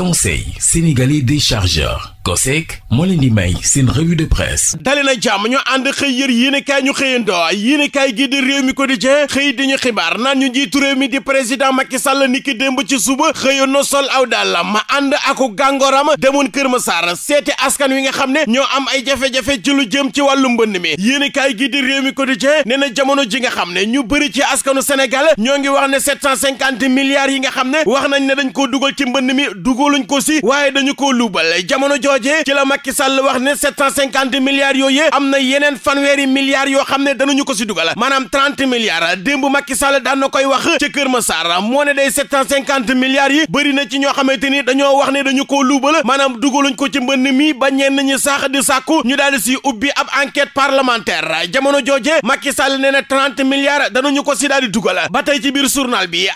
conseil sénégalais des chargeurs COSEC moo leen di may seen revue de presse dali na jàmm ñu ànd xëy yër yéenekaay ñu xëyandoo yéenekaay gi di réew mi quotidien xëy di ñu xibaar naan ñu njiitu réew mi di président Macky Sall niki démb ci suba xëyoon na sol aw dàllam ma ànd aku gàngooram demoon Kër Massar seeti askan wi nga xam ne ñoo am ay jafe-jafe ci lu jëm ci wàllu mbënd mi yéenekaay gi di réew mi quotidien nee na jamono ji nga xam ne ñu bëri ci askanu Sénégal ñoo ngi wax ne 750 milliards yi nga xam ne wax nañ ne dañ luñ ko si waaye dañu koo luubal jamono jooje ci la Macky Sall wax ne sept cent cinquante milliards am na yeneen fanweeri milliards yoo xam ne danañu ko si dugal maanaam trente démb Macky Sall wax ci Kër Massar moo ne day sept yi bëri ci ñoo xamante ni dañoo wax ne dañu koo luubal maanaam dugaluñ ko ci mbënn mi ba ñenn ñi sax di sàkku ñu daal si ubbi ab enquête parlementaire jamono jooje Macky Sall na trente milliards danañu ko si daal dugal ba tey ci biir journal bi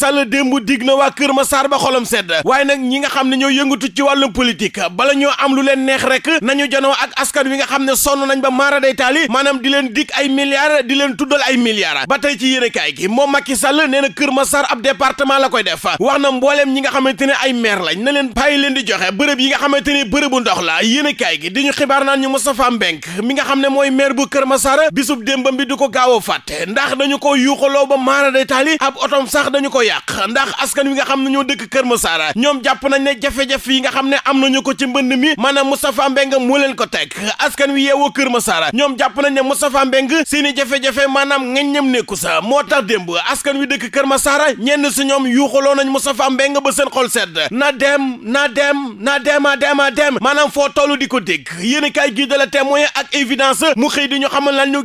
Sall démb dig na waa Kër ma Massar ba xolam sedd waaye nag ñi nga xam ne ñoo yëngatu ci wàllum politique bala ñoo am lu leen neex rek nañu janoo ak askan wi nga xam ne sonn nañ ba maara day taali maanaam di leen dig ay milliards di leen tuddal ay milliards ba tey ci yéenekaay gi moom Macky Sall nee na Kër ma Massar ab département la koy def wax na mbooleem ñi nga xamante ne ay maire lañ ne leen bàyyi leen di joxe bërëb yi nga xamante ne bërëbu ndox la yéenekaay gi di ñu xibaar naan ñu Moustapha mi nga xam ne mooy maire bu Kër Massar bisub démbam bi du ko gaaw a fàtte ndax dañu ko yuuxaloo ba maara day taali otom sax dañu ko yàq ndax askan wi nga xam ne ñoo dëkk Kër Massar ñoom jàpp nañ ne jafe-jafe yi nga xam ne am nañu ko ci mbënd mi maanaam Moustapha Mbeng moo leen ko teg askan wi yeewoo Kër Massar ñoom jàpp nañ ne Moustapha Mbeng seeni jafe-jafe maanaam ngaññam nekku sa moo tax démb askan wi dëkk Kër Massar ñenn si ñoom yuuxaloo nañ Moustapha Mbeng ba seen xol sedd na dem na dem na dema a dem maanaam foo tollu di ko dégg yéen kaay gi de la témoin ak évidence mu xëy di ñu xamal lan ñu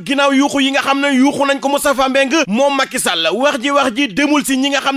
yi nga xam ne yuuxu nañ ko Moustapha Mbeng moom Macky Sall wax ji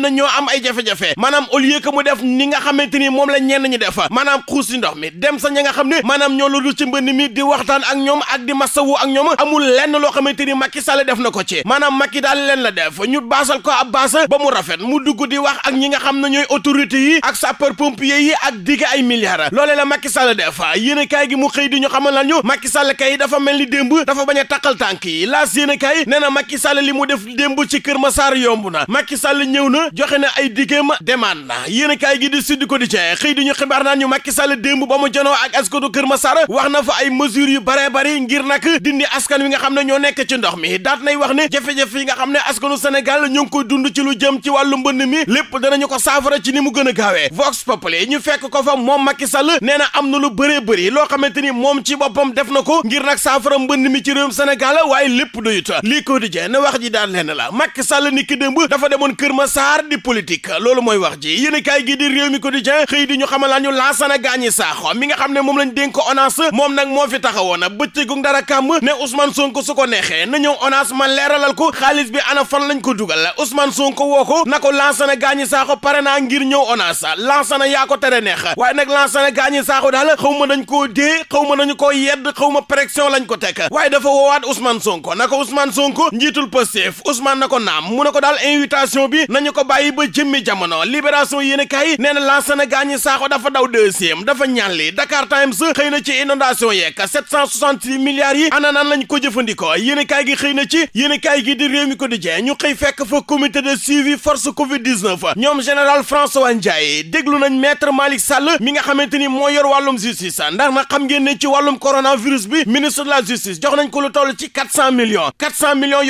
xam ñoo am ay jafe-jafe maanaam au lieu que mu def ni nga xamante ni moom la ñenn ñi def maanaam xuus si ndox mi dem sa ña nga xam ne maanaam ñoo lu ci mbënd mi di waxtaan ak ñoom ak di masawu ak ñoom amul lenn loo xamante ni Macky Sall def na ko ci maanaam Macky daal leen la def ñu baasal ko ab baas ba mu rafet mu dugg di wax ak ñi nga xam na ñooy autorité yi ak sapeur pompier yi ak digg ay milliards loolee la Macky Sall def yéen a kaay gi mu xëy di ñu xamal lan ñu Macky Sall kay dafa mel ni démb dafa bañ a tànk yi laas yéen a kaay nee na Macky Sall li mu def démb ci Kër Massar yomb na Macky Sall ñëw na joxe na ay digéem demaan na yéen kaay gi di Sud Quotidien xëy di ñu xibaar naa ñu Macky Sall démb ba mu janoo ak askanu Kër ma sar wax na fa ay mesures yu bare bari ngir nag dindi askan wi nga xam ne ñoo nekk ci ndox mi daat nay wax ne jafe-jafe yi nga xam ne askanu Sénégal ñu ngi ko dund ci lu jëm ci wàllu mbënn mi lépp danañu ko saafara ci ni mu gën a gaawee Vox Populi ñu fekk ko fa moom Macky Sall nee na am na lu bëree bëri loo xamante ni moom ci boppam def na ko ngir nag saafara mbënd mi ci réewum Sénégal waaye lépp doyut lii Quotidien na wax ji daan leen la Macky Sall ni ki démb dafa demoon Kër Massar art di politique loolu mooy wax ji yéen a kaay gi di réew mi quotidien xëy di ñu xamalaan ñu Lansana Gagny Sakho mi nga xam ne moom lañ dénk ko ONAS moom nag moo fi taxawoon bëccëgu dara kàmm ne Ousmane Sonko su ko neexee na ñëw ONAS ma leeralal ko xaalis bi ana fan lañ ko dugal Ousmane Sonko woo ko na ko Lansana Gagny Sakho pare naa ngir ñëw ONAS Lansana yaa ko tere neex waaye nag Lansana Gagny Sakho daal xaw ma dañ koo dee xaw ma nañu koo yedd xaw ma pression lañ ko teg waaye dafa woowaat Ousmane Sonko na ko Ousmane Sonko njiitul Pastef Ousmane na ko naam mu ne ko daal invitation bi nañu ko bàyyi ba jëmmi jamono libération yéen kaay nee na Lansana Gagny Sakho dafa daw deuxième dafa ñàlli Dakar Times xëy na ci inondation yeeg 766 milliards yi ana nan lañ ko jëfandikoo yéen kaay gi xëy na ci yéen kaay gi di réew mi ko di jee ñu xëy fekk fa comité de suivi force Covid 19 ñoom général François Ndiaye déglu nañ maître Malick Sall mi nga xamante ni moo yor wàllum justice ndax na xam ngeen ne ci wàllum coronavirus bi ministre de la justice jox nañ ko lu toll ci 400 millions 400 millions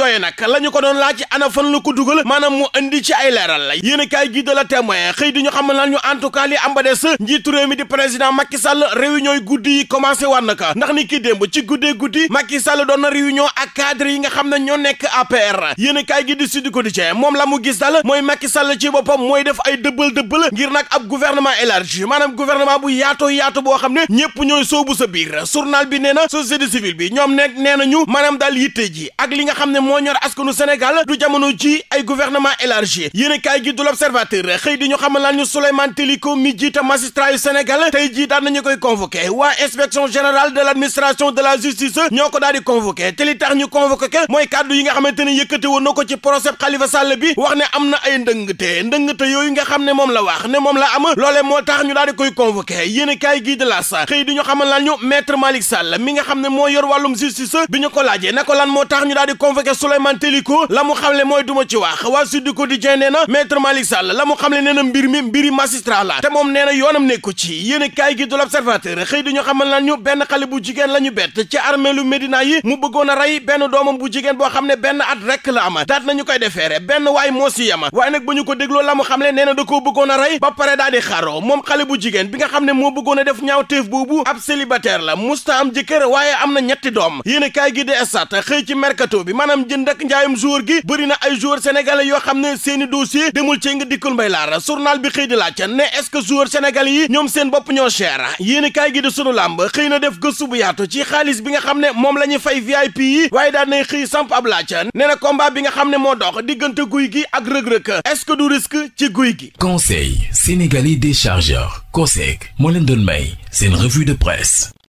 la leeral la yéen a kaay gi de la témoin xëy di ñu xamal naan ñu en tout cas njiitu réew di président Macky Sall réunion guddi yi commencé war ka ndax ni ki démb ci guddee guddi Macky doon na réunion ak cadre yi nga xam ne ñoo nekk APR yéen a kaay gi di Sud Quotidien moom la mu gis daal mooy Macky Sall ci boppam mooy def ay dëbbal dëbbal ngir nag ab gouvernement élargi maanaam gouvernement bu yaatoo yaatu boo xam ne ñëpp ñooy soobu sa biir journal bi nee na société civile bi ñoom nee nañu maanaam daal yitte ji ak li nga xam ne moo ñor askanu Sénégal du jamono ji ay gouvernement élargi yéen yéenekaay gi du l'Observateur xëy di ñu xamal laan ñu Souleymane Téliko mi jiite magistrat yu tey jii daan nañu koy convoqué waa inspection générale de l'administration de la justice ñoo ko daal di convoqué tax ñu convoqué ko mooy kàddu yi nga xamante ne yëkkati woon na ko ci procès Khalifa Sall bi wax ne am na ay ndëngte ndëngte yooyu nga xam ne moom la wax ne moom la am loolee moo tax ñu daal di koy convoqué yéenekaay gi de xëy di ñu maître Malick Sall la mu xam le nee na mbir mi mbiri magistrat la te moom nee na yoonam nekku ci yéen i kaay gi du xëy di ñu xamal lan ñu benn xale bu jigéen la ñu bett ci armeelu lu Médina yi mu bëggoon a rey benn doomam bu jigéen boo xam ne benn at rek la ama daat ñu koy defeere benn waay moo si yama waaye nag ba ñu ko dégloo la mu xam le nee na da koo bëggoon a rey ba pare daal di xaro moom xale jigéen bi nga xam ne moo bëggoon a def ñaaw téef boobu ab célibataire la musta am jëkkër waaye am na ñetti doom yéen kaay gi de estat ci mercato bi maanaam jënd ak njaayum joueur gi na ay joueur sénégalais yoo xam ne seeni dossier demul ci nga dikkul mbay laara journal bi xëy di laajte ne est-ce que joueur sénégalais yi ñoom seen bopp ñoo cher yéen kaay gi di sunu làmb xëy na def gëstu bu yaatu ci xaalis bi nga xam ne moom la ñuy fay VIP yi waaye daan nay xëy samp ab ne na combat bi nga xam ne moo dox diggante guy gi ak rëg-rëg ce que du risque ci guy gi conseil sénégalais des chargeurs COSEC moo leen doon may seen revue de presse